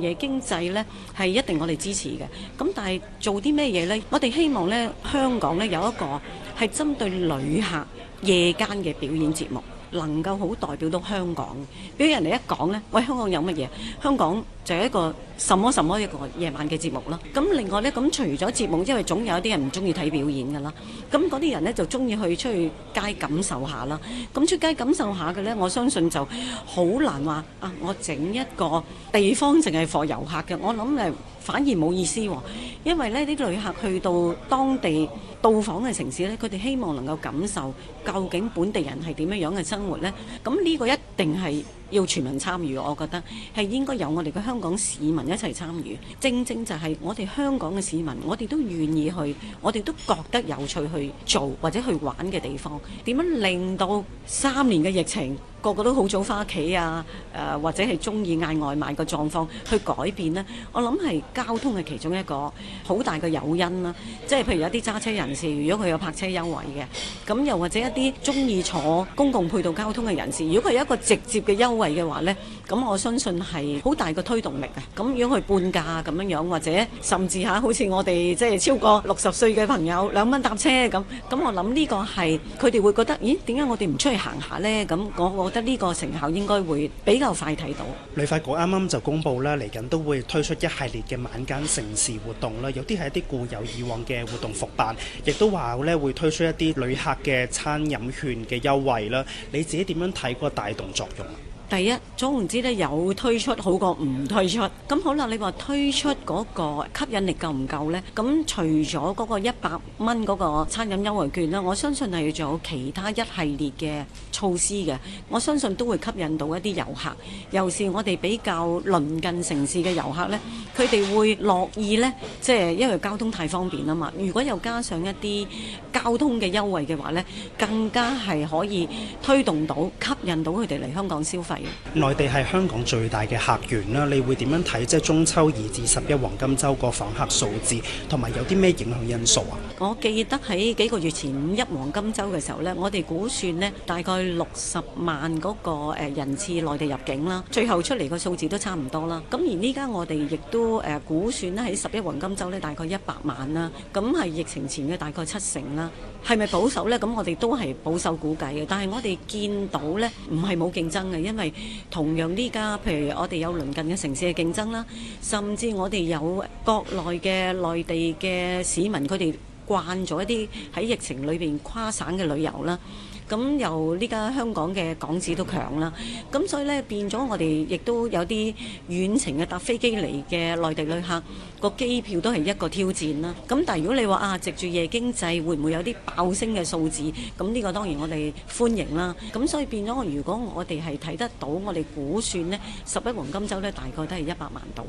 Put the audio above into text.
夜經濟呢係一定我哋支持嘅，咁但係做啲咩嘢呢？我哋希望呢香港呢有一個係針對旅客夜間嘅表演節目。能夠好代表到香港，俾人哋一講咧，喂香港有乜嘢？香港就係一個什麼什麼一個夜晚嘅節目啦。咁另外咧，咁除咗節目因為，總有一啲人唔鍾意睇表演㗎喇。咁嗰啲人咧就鍾意去出去街感受下啦。咁出街感受下嘅咧，我相信就好難話啊，我整一個地方淨係俾遊客嘅，我諗誒反而冇意思喎。因為咧啲旅客去到當地。到訪嘅城市呢，佢哋希望能夠感受究竟本地人係點樣樣嘅生活呢？咁呢個一。定係要全民參與，我覺得係應該由我哋嘅香港市民一齊參與。正正就係我哋香港嘅市民，我哋都願意去，我哋都覺得有趣去做或者去玩嘅地方。點樣令到三年嘅疫情個個都好早翻屋企啊、呃？或者係中意嗌外賣嘅狀況去改變呢？我諗係交通係其中一個好大嘅誘因啦、啊。即係譬如有啲揸車人士，如果佢有泊車優惠嘅。咁又或者一啲中意坐公共配套交通嘅人士，如果佢有一個直接嘅優惠嘅話咧。咁我相信係好大嘅推動力呀。咁如果佢半價咁樣樣，或者甚至嚇好似我哋即係超過六十歲嘅朋友兩蚊搭車咁，咁我諗呢個係佢哋會覺得，咦？點解我哋唔出去行下呢？咁我覺得呢個成效應該會比較快睇到。旅發局啱啱就公佈啦，嚟緊都會推出一系列嘅晚間城市活動啦，有啲係一啲固有以往嘅活動復辦，亦都話咧會推出一啲旅客嘅餐飲券嘅優惠啦。你自己點樣睇個帶動作用啊？第一，總之呢，有推出好過唔推出。咁好啦，你話推出嗰個吸引力夠唔夠呢？咁除咗嗰個一百蚊嗰個餐飲優惠券啦，我相信係有其他一系列嘅措施嘅。我相信都會吸引到一啲遊客，尤其是我哋比較鄰近城市嘅遊客呢，佢哋會樂意呢，即係因為交通太方便啦嘛。如果又加上一啲交通嘅優惠嘅話呢，更加係可以推動到、吸引到佢哋嚟香港消費。內地係香港最大嘅客源啦，你會點樣睇？即係中秋二至十一黃金周個訪客數字，同埋有啲咩影響因素啊？我記得喺幾個月前五一黃金周嘅時候呢，我哋估算呢，大概六十萬嗰個誒人次內地入境啦，最後出嚟個數字都差唔多啦。咁而呢家我哋亦都誒估算呢，喺十一黃金周呢，大概一百萬啦，咁係疫情前嘅大概七成啦，係咪保守呢？咁我哋都係保守估計嘅，但係我哋見到呢，唔係冇競爭嘅，因為同樣，呢家譬如我哋有鄰近嘅城市嘅競爭啦，甚至我哋有國內嘅內地嘅市民，佢哋慣咗一啲喺疫情裏面跨省嘅旅遊啦。咁由呢家香港嘅港紙都強啦，咁所以咧變咗我哋亦都有啲遠程嘅搭飛機嚟嘅內地旅客，個機票都係一個挑戰啦。咁但係如果你話啊，藉住夜經濟，會唔會有啲爆升嘅數字？咁呢個當然我哋歡迎啦。咁所以變咗我，如果我哋係睇得到，我哋估算呢，十一黃金周呢，大概都係一百萬度。